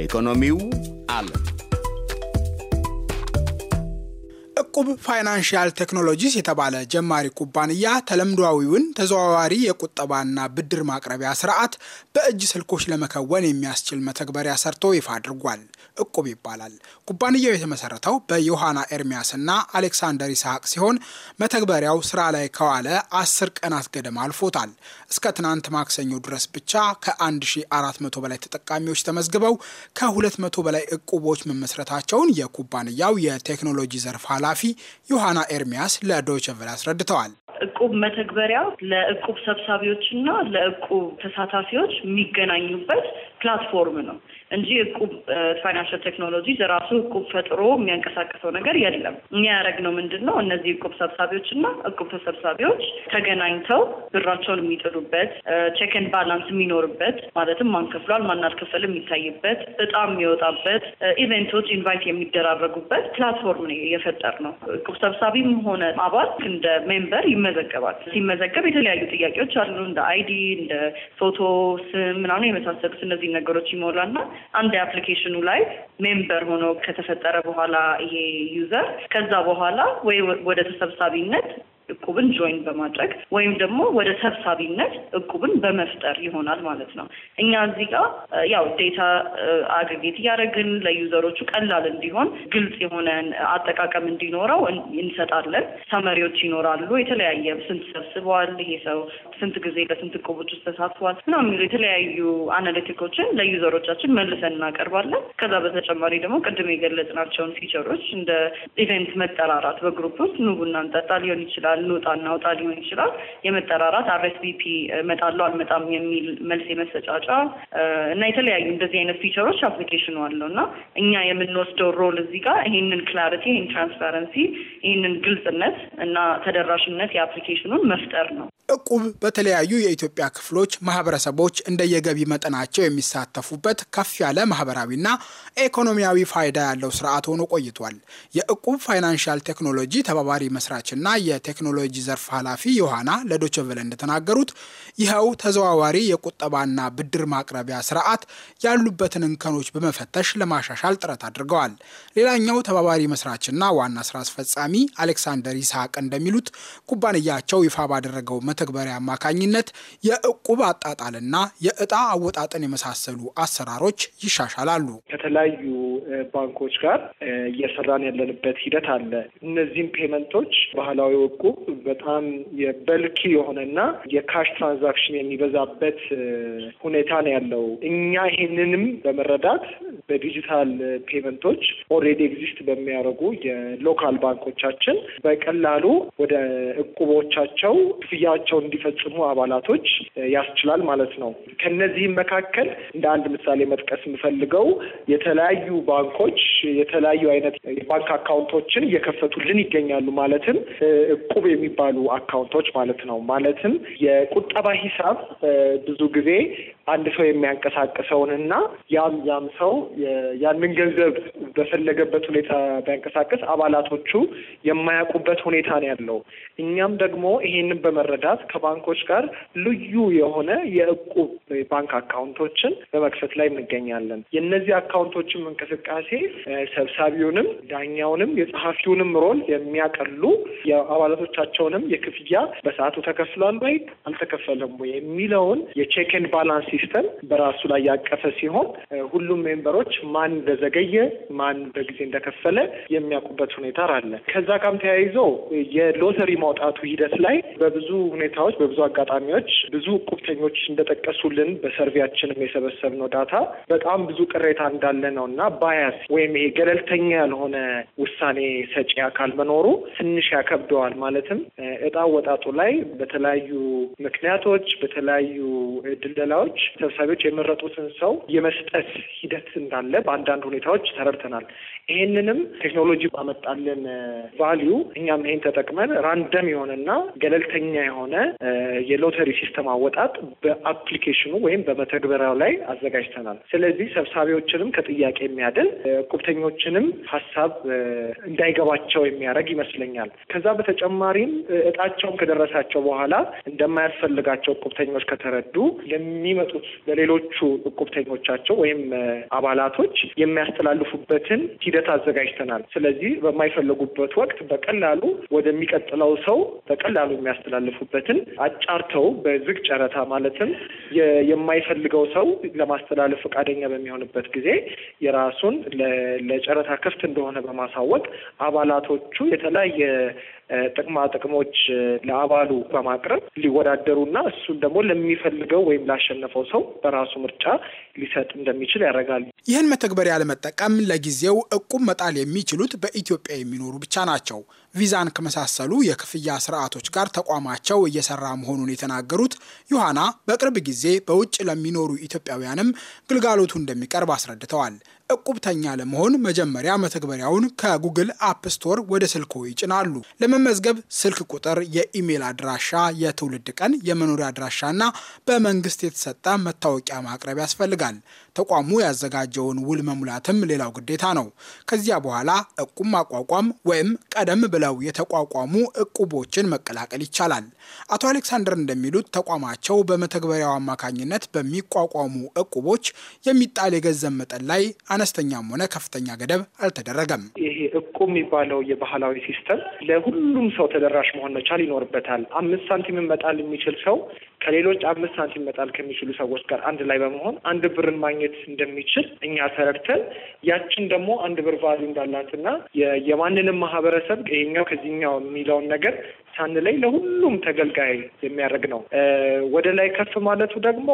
Economiu Alan. እቁብ ፋይናንሽያል ቴክኖሎጂስ የተባለ ጀማሪ ኩባንያ ተለምዷዊውን ተዘዋዋሪ የቁጠባና ብድር ማቅረቢያ ስርዓት በእጅ ስልኮች ለመከወን የሚያስችል መተግበሪያ ሰርቶ ይፋ አድርጓል። እቁብ ይባላል። ኩባንያው የተመሰረተው በዮሐና ኤርሚያስና አሌክሳንደር ይስሐቅ ሲሆን መተግበሪያው ስራ ላይ ከዋለ አስር ቀናት ገደማ አልፎታል። እስከ ትናንት ማክሰኞ ድረስ ብቻ ከ1400 በላይ ተጠቃሚዎች ተመዝግበው ከ200 በላይ እቁቦች መመስረታቸውን የኩባንያው የቴክኖሎጂ ዘርፍ ኃላፊ ዮሐና ኤርሚያስ ለዶይቸ ቬለ አስረድተዋል። እቁብ መተግበሪያው ለእቁብ ሰብሳቢዎችና ለእቁብ ተሳታፊዎች የሚገናኙበት ፕላትፎርም ነው። እንጂ እቁብ ፋይናንሻል ቴክኖሎጂ ለራሱ እቁብ ፈጥሮ የሚያንቀሳቀሰው ነገር የለም። እኛ ነው ምንድን ነው? እነዚህ እቁብ ሰብሳቢዎች እና እቁብ ተሰብሳቢዎች ተገናኝተው ብራቸውን የሚጥሉበት ቼክን ባላንስ የሚኖርበት ማለትም ማን ከፍሏል ማን አልከፈልም የሚታይበት በጣም የሚወጣበት ኢቨንቶች ኢንቫይት የሚደራረጉበት ፕላትፎርም ነው እቁብ ሰብሳቢም ሆነ አባል እንደ ሜምበር ይመዘገባል። ሲመዘገብ የተለያዩ ጥያቄዎች አሉ እንደ አይዲ፣ እንደ ፎቶ፣ ስም ምናምን የመሳሰሉት እነዚህ ነገሮች ይሞላና አንድ የአፕሊኬሽኑ ላይ ሜምበር ሆኖ ከተፈጠረ በኋላ ይሄ ዩዘር ከዛ በኋላ ወይ ወደ ተሰብሳቢነት እቁብን ጆይን በማድረግ ወይም ደግሞ ወደ ሰብሳቢነት እቁብን በመፍጠር ይሆናል ማለት ነው። እኛ እዚህ ጋር ያው ዴታ አግሪጌት uh, እያደረግን ለዩዘሮቹ ቀላል እንዲሆን ግልጽ የሆነን uh, አጠቃቀም እንዲኖረው እንሰጣለን። ሰመሪዎች ይኖራሉ። የተለያየ ስንት ሰብስበዋል፣ ይሄ ሰው ስንት ጊዜ ለስንት እቁቦች ውስጥ ተሳትፏል እና የሚሉ የተለያዩ አናሊቲኮችን ለዩዘሮቻችን መልሰን እናቀርባለን። ከዛ በተጨማሪ ደግሞ ቅድም የገለጽናቸውን ፊቸሮች እንደ ኢቨንት መጠራራት በግሩፕ ውስጥ ኑ ቡና እንጠጣ ሊሆን ይችላል ይችላል ልውጣ እናውጣ ሊሆን ይችላል። የመጠራራት አርኤስቪፒ እመጣለሁ አልመጣም የሚል መልስ የመሰጫጫ እና የተለያዩ እንደዚህ አይነት ፊቸሮች አፕሊኬሽኑ አለው እና እኛ የምንወስደው ሮል እዚህ ጋር ይህንን ክላሪቲ፣ ይህን ትራንስፓረንሲ፣ ይህንን ግልጽነት እና ተደራሽነት የአፕሊኬሽኑን መፍጠር ነው። እቁብ በተለያዩ የኢትዮጵያ ክፍሎች ማህበረሰቦች እንደየገቢ መጠናቸው የሚሳተፉበት ከፍ ያለ ማህበራዊና ኢኮኖሚያዊ ፋይዳ ያለው ስርዓት ሆኖ ቆይቷል። የእቁብ ፋይናንሻል ቴክኖሎጂ ተባባሪ መስራችና የቴክኖ የቴክኖሎጂ ዘርፍ ኃላፊ ዮሐና ለዶቸቨለ እንደተናገሩት ይኸው ተዘዋዋሪ የቁጠባና ብድር ማቅረቢያ ስርዓት ያሉበትን እንከኖች በመፈተሽ ለማሻሻል ጥረት አድርገዋል። ሌላኛው ተባባሪ መስራችና ዋና ስራ አስፈጻሚ አሌክሳንደር ይስሐቅ እንደሚሉት ኩባንያቸው ይፋ ባደረገው መተግበሪያ አማካኝነት የእቁብ አጣጣልና የእጣ አወጣጥን የመሳሰሉ አሰራሮች ይሻሻላሉ። ከተለያዩ ባንኮች ጋር እየሰራን ያለንበት ሂደት አለ። እነዚህም ፔመንቶች ባህላዊ እቁብ በጣም የበልኪ የሆነና የካሽ ትራንዛክሽን የሚበዛበት ሁኔታ ነው ያለው። እኛ ይህንንም በመረዳት በዲጂታል ፔመንቶች ኦልሬዲ ኤግዚስት በሚያደርጉ የሎካል ባንኮቻችን በቀላሉ ወደ እቁቦቻቸው ክፍያቸውን እንዲፈጽሙ አባላቶች ያስችላል ማለት ነው። ከነዚህም መካከል እንደ አንድ ምሳሌ መጥቀስ የምፈልገው የተለያዩ ባንኮች የተለያዩ አይነት የባንክ አካውንቶችን እየከፈቱልን ይገኛሉ። ማለትም እቁብ የሚባሉ አካውንቶች ማለት ነው። ማለትም የቁጠባ ሂሳብ ብዙ ጊዜ አንድ ሰው የሚያንቀሳቅሰውን እና ያም ያም ሰው ያንን ገንዘብ በፈለገበት ሁኔታ ቢያንቀሳቅስ አባላቶቹ የማያውቁበት ሁኔታ ነው ያለው። እኛም ደግሞ ይሄንን በመረዳት ከባንኮች ጋር ልዩ የሆነ የእቁብ ባንክ አካውንቶችን በመክፈት ላይ እንገኛለን። የእነዚህ አካውንቶችም እንቅስቃሴ ሰብሳቢውንም ዳኛውንም የጸሐፊውንም ሮል የሚያቀሉ የአባላቶቻቸውንም የክፍያ በሰዓቱ ተከፍሏል ወይ አልተከፈለም ወይ የሚለውን የቼክን ባላንስ ሲስተም በራሱ ላይ ያቀፈ ሲሆን ሁሉም ሜምበሮች ማን እንደዘገየ፣ ማን በጊዜ እንደከፈለ የሚያውቁበት ሁኔታ አለ። ከዛ ጋም ተያይዞ የሎተሪ ማውጣቱ ሂደት ላይ በብዙ ሁኔታዎች በብዙ አጋጣሚዎች ብዙ ቁብተኞች እንደጠቀሱልን በሰርቪያችንም የሰበሰብነው ዳታ በጣም ብዙ ቅሬታ እንዳለ ነው እና ባያስ ወይም ይሄ ገለልተኛ ያልሆነ ውሳኔ ሰጪ አካል መኖሩ ትንሽ ያከብደዋል። ማለትም እጣ ወጣጡ ላይ በተለያዩ ምክንያቶች በተለያዩ ድለላዎች ተወካዮች ሰብሳቢዎች የመረጡትን ሰው የመስጠት ሂደት እንዳለ በአንዳንድ ሁኔታዎች ተረድተናል። ይህንንም ቴክኖሎጂ ባመጣልን ቫሊዩ እኛም ይህን ተጠቅመን ራንደም የሆነና ገለልተኛ የሆነ የሎተሪ ሲስተም አወጣጥ በአፕሊኬሽኑ ወይም በመተግበሪያው ላይ አዘጋጅተናል። ስለዚህ ሰብሳቢዎችንም ከጥያቄ የሚያድን ቁብተኞችንም ሀሳብ እንዳይገባቸው የሚያደርግ ይመስለኛል። ከዛ በተጨማሪም እጣቸውም ከደረሳቸው በኋላ እንደማያስፈልጋቸው ቁብተኞች ከተረዱ ለሚመጡ የሚሰጡት ለሌሎቹ እቁብተኞቻቸው ወይም አባላቶች የሚያስተላልፉበትን ሂደት አዘጋጅተናል። ስለዚህ በማይፈለጉበት ወቅት በቀላሉ ወደሚቀጥለው ሰው በቀላሉ የሚያስተላልፉበትን አጫርተው በዝግ ጨረታ ማለትም የማይፈልገው ሰው ለማስተላለፍ ፈቃደኛ በሚሆንበት ጊዜ የራሱን ለጨረታ ክፍት እንደሆነ በማሳወቅ አባላቶቹ የተለያየ ጥቅማ ጥቅሞች ለአባሉ በማቅረብ ሊወዳደሩና እሱን ደግሞ ለሚፈልገው ወይም ላሸነፈው ሰው በራሱ ምርጫ ሊሰጥ እንደሚችል ያደርጋል። ይህን መተግበሪያ ለመጠቀም ለጊዜው እቁብ መጣል የሚችሉት በኢትዮጵያ የሚኖሩ ብቻ ናቸው። ቪዛን ከመሳሰሉ የክፍያ ስርዓቶች ጋር ተቋማቸው እየሰራ መሆኑን የተናገሩት ዮሐና በቅርብ ጊዜ በውጭ ለሚኖሩ ኢትዮጵያውያንም ግልጋሎቱ እንደሚቀርብ አስረድተዋል። እቁብተኛ ለመሆን መጀመሪያ መተግበሪያውን ከጉግል አፕ ስቶር ወደ ስልኮ ይጭናሉ። ለመመዝገብ ስልክ ቁጥር፣ የኢሜል አድራሻ፣ የትውልድ ቀን፣ የመኖሪያ አድራሻና በመንግስት የተሰጠ መታወቂያ ማቅረብ ያስፈልጋል። ተቋሙ ያዘጋጀውን ውል መሙላትም ሌላው ግዴታ ነው። ከዚያ በኋላ እቁብ ማቋቋም ወይም ቀደም ብለው የተቋቋሙ እቁቦችን መቀላቀል ይቻላል። አቶ አሌክሳንደር እንደሚሉት ተቋማቸው በመተግበሪያው አማካኝነት በሚቋቋሙ እቁቦች የሚጣል የገንዘብ መጠን ላይ አነስተኛም ሆነ ከፍተኛ ገደብ አልተደረገም። ይሄ እቁብ የሚባለው የባህላዊ ሲስተም ለሁሉም ሰው ተደራሽ መሆን መቻል ይኖርበታል። አምስት ሳንቲም መጣል የሚችል ሰው ከሌሎች አምስት ሳንቲም መጣል ከሚችሉ ሰዎች ጋር አንድ ላይ በመሆን አንድ ብርን ማግኘት እንደሚችል እኛ ተረድተን ያችን ደግሞ አንድ ብር ቫሉ እንዳላትና የማንንም ማህበረሰብ ይሄኛው ከዚህኛው የሚለውን ነገር ሳን ላይ ለሁሉም ተገልጋይ የሚያደርግ ነው። ወደ ላይ ከፍ ማለቱ ደግሞ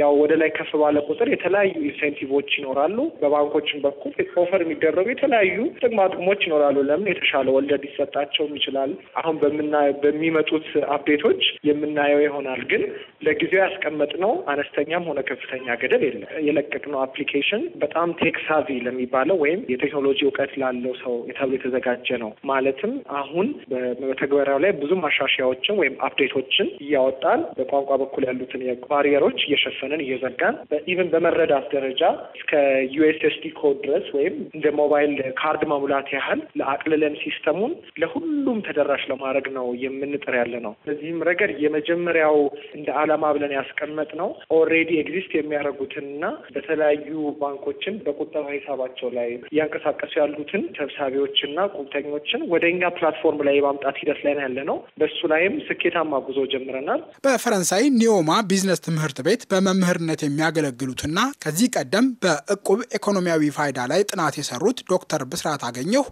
ያው ወደ ላይ ከፍ ባለ ቁጥር የተለያዩ ኢንሴንቲቮች ይኖራሉ። በባንኮችን በኩል ኦፈር የሚደረጉ የተለያዩ ጥቅማ ጥቅሞች ይኖራሉ። ለምን የተሻለ ወለድ ሊሰጣቸውም ይችላል። አሁን በምና በሚመጡት አፕዴቶች የምናየው ይሆናል። ግን ለጊዜው ያስቀመጥነው አነስተኛም ሆነ ከፍተኛ ገደብ የለም። የለቀቅነው አፕሊኬሽን በጣም ቴክሳቪ ለሚባለው ወይም የቴክኖሎጂ እውቀት ላለው ሰው ተብሎ የተዘጋጀ ነው። ማለትም አሁን በመተግበሪያው ላይ ብዙ ማሻሻያዎችን ወይም አፕዴቶችን እያወጣን በቋንቋ በኩል ያሉትን የባሪየሮች እየሸፈንን እየዘጋን ኢቨን በመረዳት ደረጃ እስከ ዩኤስኤስዲ ኮድ ድረስ ወይም እንደ ሞባይል ካርድ መሙላት ያህል ለአቅልለን ሲስተሙን ለሁሉም ተደራሽ ለማድረግ ነው የምንጥር ያለ ነው። በዚህም ረገድ የመጀመሪያው እንደ አላማ ብለን ያስቀመጥ ነው ኦልሬዲ ኤግዚስት የሚያደርጉትንና በተለያዩ ባንኮችን በቁጠባ ሂሳባቸው ላይ እያንቀሳቀሱ ያሉትን ሰብሳቢዎችና ቁብተኞችን ወደ እኛ ፕላትፎርም ላይ የማምጣት ሂደት ላይ ያለ ነው። በሱ ላይም ስኬታማ ጉዞ ጀምረናል። በፈረንሳይ ኒዮማ ቢዝነስ ትምህርት ቤት በመምህርነት የሚያገለግሉትና ከዚህ ቀደም በእቁብ ኢኮኖሚያዊ ፋይዳ ላይ ጥናት የሰሩት ዶክተር ብስራት አገኘሁ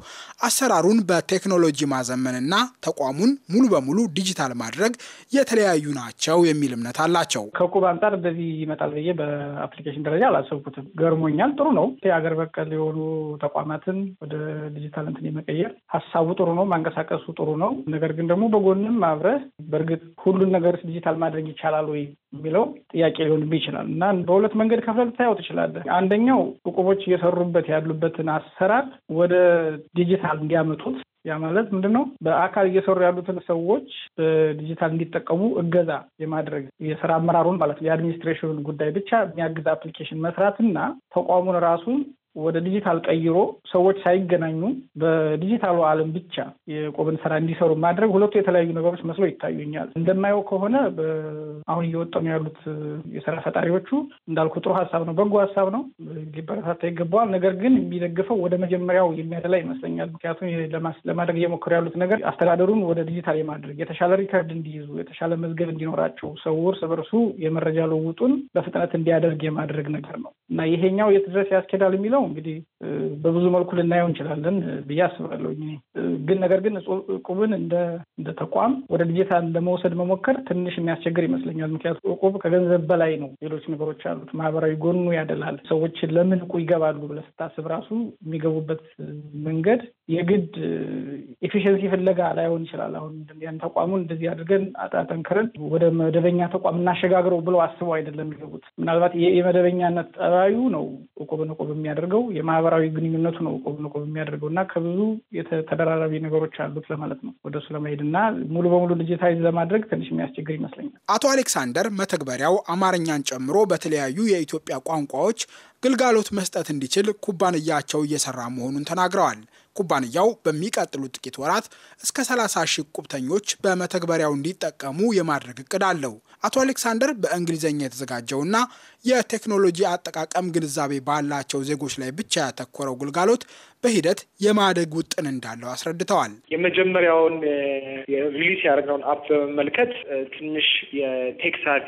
አሰራሩን በቴክኖሎጂ ማዘመንና ተቋሙን ሙሉ በሙሉ ዲጂታል ማድረግ የተለያዩ ናቸው የሚል እምነት አላቸው። ከቁብ አንጻር እንደዚህ ይመጣል ብዬ በአፕሊኬሽን ደረጃ አላሰብኩትም። ገርሞኛል። ጥሩ ነው። የሀገር በቀል የሆኑ ተቋማትን ወደ ዲጂታል እንትን የመቀየር ሀሳቡ ጥሩ ነው። ማንቀሳቀሱ ጥሩ ነው። ነገር ግን ደግሞ በጎንም አብረህ በእርግጥ ሁሉን ነገር ዲጂታል ማድረግ ይቻላል ወይ የሚለው ጥያቄ ሊሆንብህ ይችላል እና በሁለት መንገድ ከፍለህ ልታየው ትችላለህ። አንደኛው እቁቦች እየሰሩበት ያሉበትን አሰራር ወደ ዲጂታል እንዲያመጡት ያ ማለት ምንድን ነው? በአካል እየሰሩ ያሉትን ሰዎች በዲጂታል እንዲጠቀሙ እገዛ የማድረግ የስራ አመራሩን ማለት ነው የአድሚኒስትሬሽኑን ጉዳይ ብቻ የሚያግዝ አፕሊኬሽን መስራትና ተቋሙን ራሱን ወደ ዲጂታል ቀይሮ ሰዎች ሳይገናኙ በዲጂታሉ ዓለም ብቻ የቆብን ስራ እንዲሰሩ ማድረግ ሁለቱ የተለያዩ ነገሮች መስሎ ይታዩኛል። እንደማየው ከሆነ አሁን እየወጠኑ ያሉት የስራ ፈጣሪዎቹ እንዳልኩ ጥሩ ሀሳብ ነው፣ በጎ ሀሳብ ነው፣ ሊበረታታ ይገባዋል። ነገር ግን የሚደግፈው ወደ መጀመሪያው የሚያደላ ይመስለኛል። ምክንያቱም ለማድረግ እየሞከሩ ያሉት ነገር አስተዳደሩን ወደ ዲጂታል የማድረግ የተሻለ ሪከርድ እንዲይዙ፣ የተሻለ መዝገብ እንዲኖራቸው፣ ሰው እርስ በርሱ የመረጃ ልውጡን በፍጥነት እንዲያደርግ የማድረግ ነገር ነው እና ይሄኛው የት ድረስ ያስኬዳል የሚለው እንግዲህ በብዙ መልኩ ልናየው እንችላለን ብዬ አስባለሁ። ግን ነገር ግን እቁብን እንደ ተቋም ወደ ዲጂታል ለመውሰድ መሞከር ትንሽ የሚያስቸግር ይመስለኛል። ምክንያቱም እቁብ ከገንዘብ በላይ ነው፣ ሌሎች ነገሮች አሉት። ማህበራዊ ጎኑ ያደላል። ሰዎች ለምን እቁ ይገባሉ ብለህ ስታስብ ራሱ የሚገቡበት መንገድ የግድ ኤፊሽንሲ ፍለጋ ላይሆን ይችላል። አሁን ያን ተቋሙን እንደዚህ አድርገን አጠንክረን ወደ መደበኛ ተቋም እናሸጋግረው ብለው አስበው አይደለም የሚገቡት። ምናልባት የመደበኛነት ጠባዩ ነው እቁብን እቁብ የሚያደርገው የማህበራ ማህበራዊ ግንኙነቱ ነው ቆብ ለቆብ የሚያደርገው እና ከብዙ ተደራራቢ ነገሮች አሉት ለማለት ነው ወደሱ ለመሄድ እና ሙሉ በሙሉ ዲጂታይዝ ለማድረግ ትንሽ የሚያስቸግር ይመስለኛል። አቶ አሌክሳንደር መተግበሪያው አማርኛን ጨምሮ በተለያዩ የኢትዮጵያ ቋንቋዎች ግልጋሎት መስጠት እንዲችል ኩባንያቸው እየሰራ መሆኑን ተናግረዋል። ኩባንያው በሚቀጥሉት ጥቂት ወራት እስከ 30 ሺህ ቁብተኞች በመተግበሪያው እንዲጠቀሙ የማድረግ እቅድ አለው። አቶ አሌክሳንደር በእንግሊዝኛ የተዘጋጀውና የቴክኖሎጂ አጠቃቀም ግንዛቤ ባላቸው ዜጎች ላይ ብቻ ያተኮረው ግልጋሎት በሂደት የማደግ ውጥን እንዳለው አስረድተዋል። የመጀመሪያውን ሪሊስ ያደረግነውን አፕ በመመልከት ትንሽ የቴክሳቪ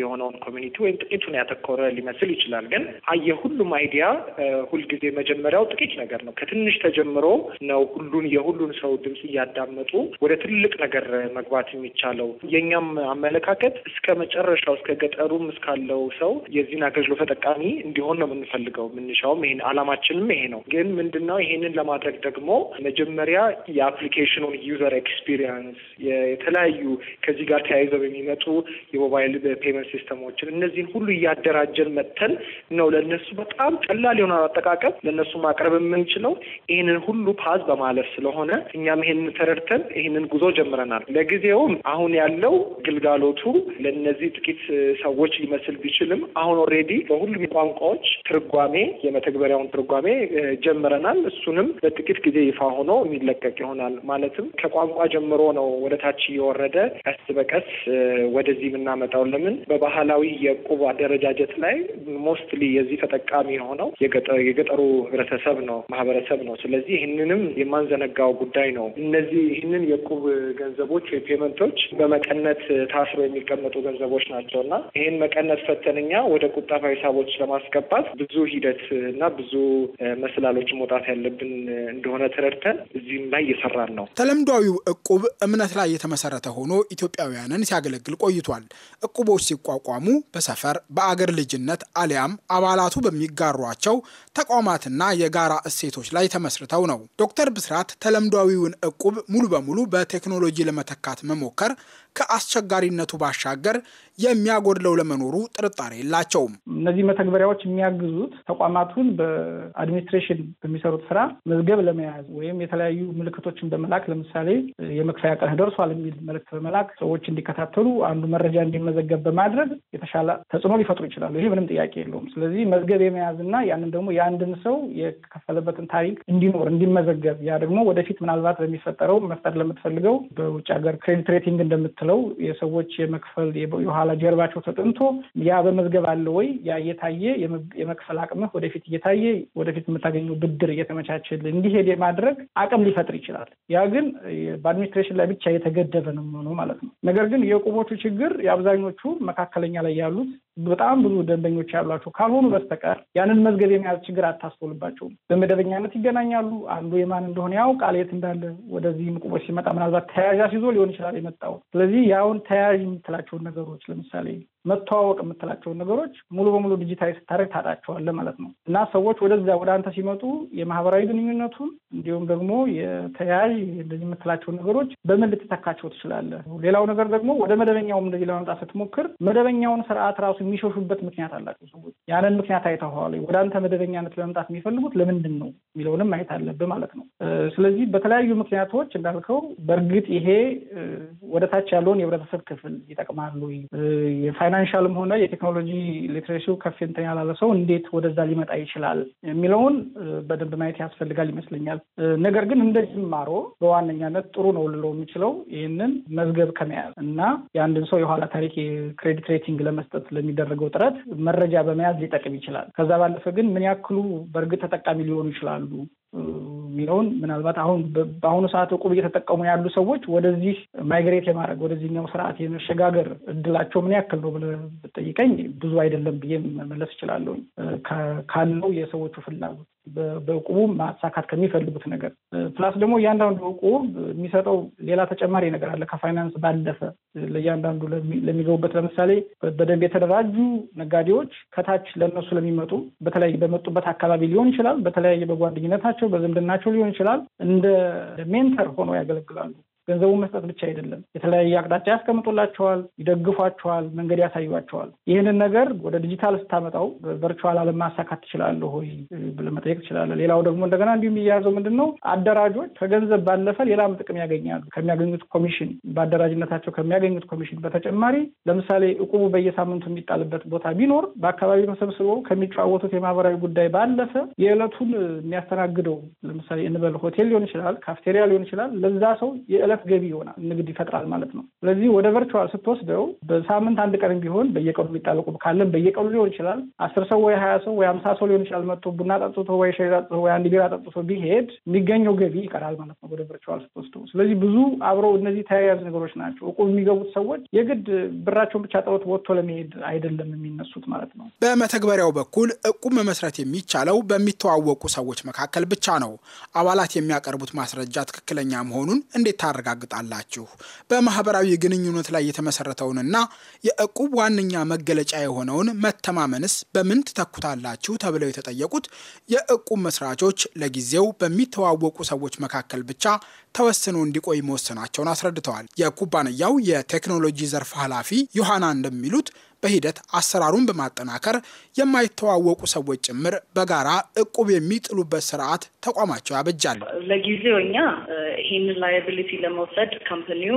የሆነውን ኮሚኒቲ ወይም ጥቂቱን ያተኮረ ሊመስል ይችላል። ግን የሁሉም አይዲያ ሁልጊዜ መጀመሪያው ጥቂት ነገር ነው። ከትንሽ ተጀምሮ ነው ሁሉን የሁሉን ሰው ድምፅ እያዳመጡ ወደ ትልቅ ነገር መግባት የሚቻለው። የእኛም አመለካከት እስከ መጨረሻው እስከ ገጠሩም እስካለው ሰው የዚህን አገልግሎት ተጠቃሚ እንዲሆን ነው የምንፈልገው። ምንሻውም ይሄ አላማችንም ይሄ ነው። ግን ምንድነው እና ይሄንን ለማድረግ ደግሞ መጀመሪያ የአፕሊኬሽኑን ዩዘር ኤክስፒሪየንስ የተለያዩ ከዚህ ጋር ተያይዘው የሚመጡ የሞባይል ፔመንት ሲስተሞችን እነዚህን ሁሉ እያደራጀን መጥተን ነው ለእነሱ በጣም ቀላል የሆነ አጠቃቀም ለእነሱ ማቅረብ የምንችለው ይህንን ሁሉ ፓዝ በማለፍ ስለሆነ እኛም ይሄንን ተረድተን ይህንን ጉዞ ጀምረናል። ለጊዜውም አሁን ያለው ግልጋሎቱ ለእነዚህ ጥቂት ሰዎች ሊመስል ቢችልም አሁን ኦልሬዲ በሁሉም ቋንቋዎች ትርጓሜ የመተግበሪያውን ትርጓሜ ጀምረናል። እሱንም በጥቂት ጊዜ ይፋ ሆኖ የሚለቀቅ ይሆናል። ማለትም ከቋንቋ ጀምሮ ነው ወደ ታች እየወረደ ቀስ በቀስ ወደዚህ የምናመጣው። ለምን በባህላዊ የቁብ አደረጃጀት ላይ ሞስትሊ የዚህ ተጠቃሚ የሆነው የገጠሩ ህብረተሰብ ነው ማህበረሰብ ነው። ስለዚህ ይህንንም የማንዘነጋው ጉዳይ ነው። እነዚህ ይህንን የቁብ ገንዘቦች ወይ ፔመንቶች በመቀነት ታስሮ የሚቀመጡ ገንዘቦች ናቸው እና ይህን መቀነት ፈተንኛ ወደ ቁጠባ ሂሳቦች ለማስገባት ብዙ ሂደት እና ብዙ መስላሎች መውጣት ያለብን እንደሆነ ተረድተን እዚህም ላይ እየሰራን ነው። ተለምዷዊው እቁብ እምነት ላይ የተመሰረተ ሆኖ ኢትዮጵያውያንን ሲያገለግል ቆይቷል። እቁቦች ሲቋቋሙ በሰፈር በአገር ልጅነት አሊያም አባላቱ በሚጋሯቸው ተቋማትና የጋራ እሴቶች ላይ ተመስርተው ነው። ዶክተር ብስራት ተለምዷዊውን እቁብ ሙሉ በሙሉ በቴክኖሎጂ ለመተካት መሞከር ከአስቸጋሪነቱ ባሻገር የሚያጎድለው ለመኖሩ ጥርጣሬ የላቸውም። እነዚህ መተግበሪያዎች የሚያግዙት ተቋማቱን በአድሚኒስትሬሽን በሚሰሩት ስራ መዝገብ ለመያዝ ወይም የተለያዩ ምልክቶችን በመላክ ለምሳሌ የመክፈያ ቀን ደርሷል የሚል መልክት በመላክ ሰዎች እንዲከታተሉ አንዱ መረጃ እንዲመዘገብ በማድረግ የተሻለ ተጽዕኖ ሊፈጥሩ ይችላሉ። ይሄ ምንም ጥያቄ የለውም። ስለዚህ መዝገብ የመያዝና ያንን ደግሞ የአንድን ሰው የከፈለበትን ታሪክ እንዲኖር እንዲመዘገብ፣ ያ ደግሞ ወደፊት ምናልባት በሚፈጠረው መፍጠር ለምትፈልገው በውጭ ሀገር ክሬዲት ሬቲንግ እንደምት ተከትለው የሰዎች የመክፈል የኋላ ጀርባቸው ተጠንቶ ያ በመዝገብ አለ ወይ ያ እየታየ የመክፈል አቅምህ ወደፊት እየታየ ወደፊት የምታገኘው ብድር እየተመቻችል እንዲሄድ የማድረግ አቅም ሊፈጥር ይችላል። ያ ግን በአድሚኒስትሬሽን ላይ ብቻ የተገደበ ነው ማለት ነው። ነገር ግን የቁሞቹ ችግር የአብዛኞቹ መካከለኛ ላይ ያሉት በጣም ብዙ ደንበኞች ያሏቸው ካልሆኑ በስተቀር ያንን መዝገብ የመያዝ ችግር አታስተውልባቸውም። በመደበኛነት ይገናኛሉ። አንዱ የማን እንደሆነ ያውቃል፣ የት እንዳለ። ወደዚህ ንቁቦች ሲመጣ ምናልባት ተያዣ ሲዞ ሊሆን ይችላል የመጣው። ስለዚህ ያውን ተያዥ የምትላቸውን ነገሮች ለምሳሌ መተዋወቅ የምትላቸውን ነገሮች ሙሉ በሙሉ ዲጂታይ ስታደርግ ታጣቸዋለህ ማለት ነው እና ሰዎች ወደዛ ወደ አንተ ሲመጡ የማህበራዊ ግንኙነቱን እንዲሁም ደግሞ የተያያዥ እንደዚህ የምትላቸውን ነገሮች በምን ልትተካቸው ትችላለህ? ሌላው ነገር ደግሞ ወደ መደበኛውም እንደዚህ ለመምጣት ስትሞክር መደበኛውን ስርዓት ራሱ የሚሸሹበት ምክንያት አላቸው ሰዎች። ያንን ምክንያት አይተኸዋል። ወደ አንተ መደበኛነት ለመምጣት የሚፈልጉት ለምንድን ነው የሚለውንም ማየት አለብህ ማለት ነው። ስለዚህ በተለያዩ ምክንያቶች እንዳልከው በእርግጥ ይሄ ወደታች ያለውን የህብረተሰብ ክፍል ይጠቅማሉ ፋይናንሻልም ሆነ የቴክኖሎጂ ሊትሬሲው ከፍተኛ ያላለ ሰው እንዴት ወደዛ ሊመጣ ይችላል የሚለውን በደንብ ማየት ያስፈልጋል ይመስለኛል። ነገር ግን እንደ ጅማሮ በዋነኛነት ጥሩ ነው ልለው የሚችለው ይህንን መዝገብ ከመያዝ እና የአንድን ሰው የኋላ ታሪክ የክሬዲት ሬቲንግ ለመስጠት ለሚደረገው ጥረት መረጃ በመያዝ ሊጠቅም ይችላል። ከዛ ባለፈ ግን ምን ያክሉ በእርግጥ ተጠቃሚ ሊሆኑ ይችላሉ የሚለውን ምናልባት አሁን በአሁኑ ሰዓት እቁብ እየተጠቀሙ ያሉ ሰዎች ወደዚህ ማይግሬት የማድረግ ወደዚህኛው ስርዓት የመሸጋገር እድላቸው ምን ያክል ነው ብለህ ብጠይቀኝ ብዙ አይደለም ብዬ መመለስ እችላለሁ ካለው የሰዎቹ ፍላጎት በእቁቡ ማሳካት ከሚፈልጉት ነገር ፕላስ ደግሞ እያንዳንዱ እቁብ የሚሰጠው ሌላ ተጨማሪ ነገር አለ። ከፋይናንስ ባለፈ ለእያንዳንዱ ለሚገቡበት ለምሳሌ በደንብ የተደራጁ ነጋዴዎች ከታች ለእነሱ ለሚመጡ በተለያየ በመጡበት አካባቢ ሊሆን ይችላል፣ በተለያየ በጓደኝነታቸው በዝምድናቸው ሊሆን ይችላል እንደ ሜንተር ሆነው ያገለግላሉ። ገንዘቡን መስጠት ብቻ አይደለም። የተለያየ አቅጣጫ ያስቀምጡላቸዋል፣ ይደግፏቸዋል፣ መንገድ ያሳዩቸዋል። ይህንን ነገር ወደ ዲጂታል ስታመጣው በቨርቹዋል ዓለም ማሳካት ትችላለህ ወይ ብለህ መጠየቅ ትችላለህ። ሌላው ደግሞ እንደገና እንዲሁም እያያዘው ምንድን ነው አደራጆች ከገንዘብ ባለፈ ሌላም ጥቅም ያገኛሉ። ከሚያገኙት ኮሚሽን፣ በአደራጅነታቸው ከሚያገኙት ኮሚሽን በተጨማሪ ለምሳሌ እቁቡ በየሳምንቱ የሚጣልበት ቦታ ቢኖር በአካባቢው ተሰብስበው ከሚጫወቱት የማህበራዊ ጉዳይ ባለፈ የዕለቱን የሚያስተናግደው ለምሳሌ እንበል ሆቴል ሊሆን ይችላል፣ ካፍቴሪያ ሊሆን ይችላል ለዛ ሰው የዕለት ገቢ ይሆናል፣ ንግድ ይፈጥራል ማለት ነው። ስለዚህ ወደ ቨርቹዋል ስትወስደው በሳምንት አንድ ቀን ቢሆን በየቀኑ የሚጣለቁ ካለን በየቀኑ ሊሆን ይችላል። አስር ሰው ወይ ሀያ ሰው ወይ አምሳ ሰው ሊሆን ይችላል መጥቶ ቡና ጠጥቶ ወይ ሻይ ጠጥቶ ወይ አንድ ቢራ ጠጥቶ ቢሄድ የሚገኘው ገቢ ይቀራል ማለት ነው ወደ ቨርቹዋል ስትወስደው። ስለዚህ ብዙ አብረው እነዚህ ተያያዥ ነገሮች ናቸው። እቁብ የሚገቡት ሰዎች የግድ ብራቸውን ብቻ ጥሎት ወጥቶ ለመሄድ አይደለም የሚነሱት ማለት ነው። በመተግበሪያው በኩል እቁብ መመስረት የሚቻለው በሚተዋወቁ ሰዎች መካከል ብቻ ነው። አባላት የሚያቀርቡት ማስረጃ ትክክለኛ መሆኑን እንዴት ታረ ታረጋግጣላችሁ። በማህበራዊ ግንኙነት ላይ የተመሰረተውንና የእቁብ ዋነኛ መገለጫ የሆነውን መተማመንስ በምን ትተኩታላችሁ ተብለው የተጠየቁት የእቁብ መስራቾች ለጊዜው በሚተዋወቁ ሰዎች መካከል ብቻ ተወስኖ እንዲቆይ መወሰናቸውን አስረድተዋል። የኩባንያው የቴክኖሎጂ ዘርፍ ኃላፊ ዮሐና እንደሚሉት በሂደት አሰራሩን በማጠናከር የማይተዋወቁ ሰዎች ጭምር በጋራ እቁብ የሚጥሉበት ስርዓት ተቋማቸው ያበጃል። ለጊዜው እኛ ይህንን ላያቢሊቲ ለመውሰድ ካምፕኒው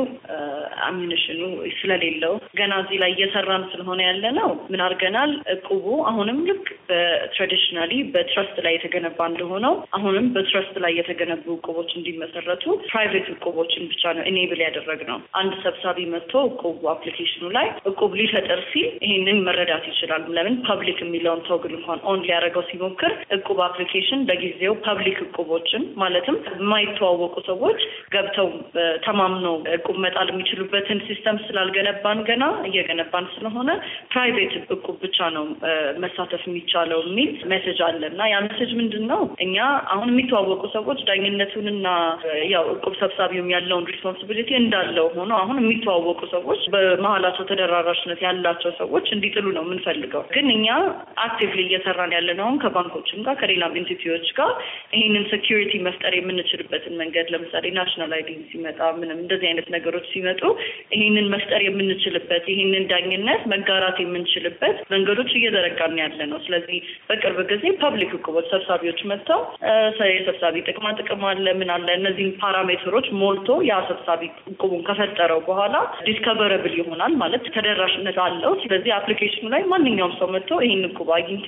አሚኒሽኑ ስለሌለው ገና እዚህ ላይ እየሰራን ስለሆነ ያለ ነው። ምን አድርገናል? እቁቡ አሁንም ልክ በትራዲሽናሊ በትረስት ላይ የተገነባ እንደሆነው አሁንም በትረስት ላይ የተገነቡ እቁቦች እንዲመሰረቱ ፕራይቬት እቁቦችን ብቻ ነው ኢኔብል ያደረግ ነው። አንድ ሰብሳቢ መጥቶ እቁቡ አፕሊኬሽኑ ላይ እቁብ ሊፈጠር ሲል ይህንን መረዳት ይችላሉ። ለምን ፐብሊክ የሚለውን ተውግል እንኳን ኦን ሊያደርገው ሲሞክር እቁብ አፕሊኬሽን በጊዜው ፐብሊክ እቁቦችን ማለትም የማይተዋወቁ ሰዎች ገብተው ተማምነው እቁብ መጣል የሚችሉበትን ሲስተም ስላልገነባን ገና እየገነባን ስለሆነ ፕራይቬት እቁብ ብቻ ነው መሳተፍ የሚቻለው የሚል መሴጅ አለ እና ያ መሴጅ ምንድን ነው? እኛ አሁን የሚተዋወቁ ሰዎች ዳኝነቱንና ያው እቁብ ሰብሳቢውም ያለውን ሪስፖንሲቢሊቲ እንዳለው ሆኖ አሁን የሚተዋወቁ ሰዎች በመሀላቸው ተደራራሽነት ያላቸው ሰ ሰዎች እንዲጥሉ ነው የምንፈልገው። ግን እኛ አክቲቭሊ እየሰራን ያለ አሁን ከባንኮችም ጋር ከሌላም ኢንስቲትዩዎች ጋር ይህንን ሴኪሪቲ መፍጠር የምንችልበትን መንገድ ለምሳሌ ናሽናል አይዲ ሲመጣ ምንም እንደዚህ አይነት ነገሮች ሲመጡ ይህንን መፍጠር የምንችልበት ይህንን ዳኝነት መጋራት የምንችልበት መንገዶች እየዘረጋን ያለ ነው። ስለዚህ በቅርብ ጊዜ ፐብሊክ እቁቦች ሰብሳቢዎች መጥተው የሰብሳቢ ጥቅማ ጥቅም አለ ምን አለ እነዚህም ፓራሜትሮች ሞልቶ ያ ሰብሳቢ እቁቡን ከፈጠረው በኋላ ዲስከቨረብል ይሆናል ማለት ተደራሽነት አለው። ስለዚህ አፕሊኬሽኑ ላይ ማንኛውም ሰው መጥቶ ይህን ኩባ አግኝቶ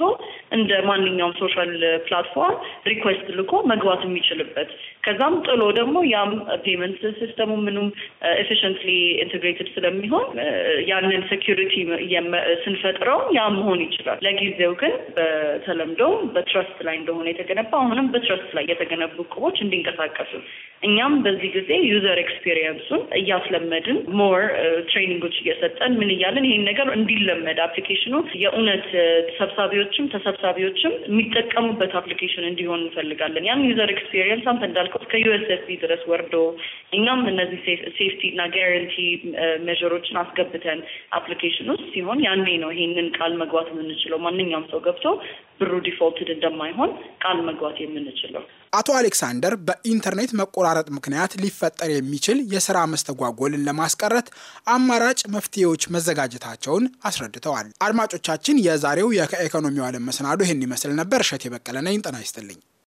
እንደ ማንኛውም ሶሻል ፕላትፎርም ሪኩዌስት ልኮ መግባት የሚችልበት ከዛም ጥሎ ደግሞ ያም ፔመንት ሲስተሙ ምኑም ኤፊሽንትሊ ኢንቴግሬትድ ስለሚሆን ያንን ሴኪሪቲ ስንፈጥረው ያ መሆን ይችላል። ለጊዜው ግን በተለምዶ በትረስት ላይ እንደሆነ የተገነባ አሁንም በትረስት ላይ የተገነቡ እቁቦች እንዲንቀሳቀሱ እኛም በዚህ ጊዜ ዩዘር ኤክስፒሪየንሱን እያስለመድን ሞር ትሬኒንጎች እየሰጠን ምን እያለን ይሄን ነገር እንዲለመድ አፕሊኬሽኑ የእውነት ሰብሳቢዎችም ተሰብሳቢዎችም የሚጠቀሙበት አፕሊኬሽን እንዲሆን እንፈልጋለን። ያም ዩዘር ኤክስፒሪየንስ አንተ እንዳልከው እስከ ዩኤስኤስቢ ድረስ ወርዶ እኛም እነዚህ ሴፍቲ እና ጋራንቲ ሜዥሮችን uh, አስገብተን አፕሊኬሽን ውስጥ ሲሆን ያኔ ነው ይሄንን ቃል መግባት የምንችለው። ማንኛውም ሰው ገብቶ ብሩ ዲፎልትድ እንደማይሆን ቃል መግባት የምንችለው። አቶ አሌክሳንደር በኢንተርኔት መቆራረጥ ምክንያት ሊፈጠር የሚችል የስራ መስተጓጎልን ለማስቀረት አማራጭ መፍትሄዎች መዘጋጀታቸውን አስረድተዋል። አድማጮቻችን፣ የዛሬው የከኢኮኖሚው ዓለም መሰናዶ ይህን ይመስል ነበር። እሸት የበቀለ ነኝ። ጤና ይስጥልኝ።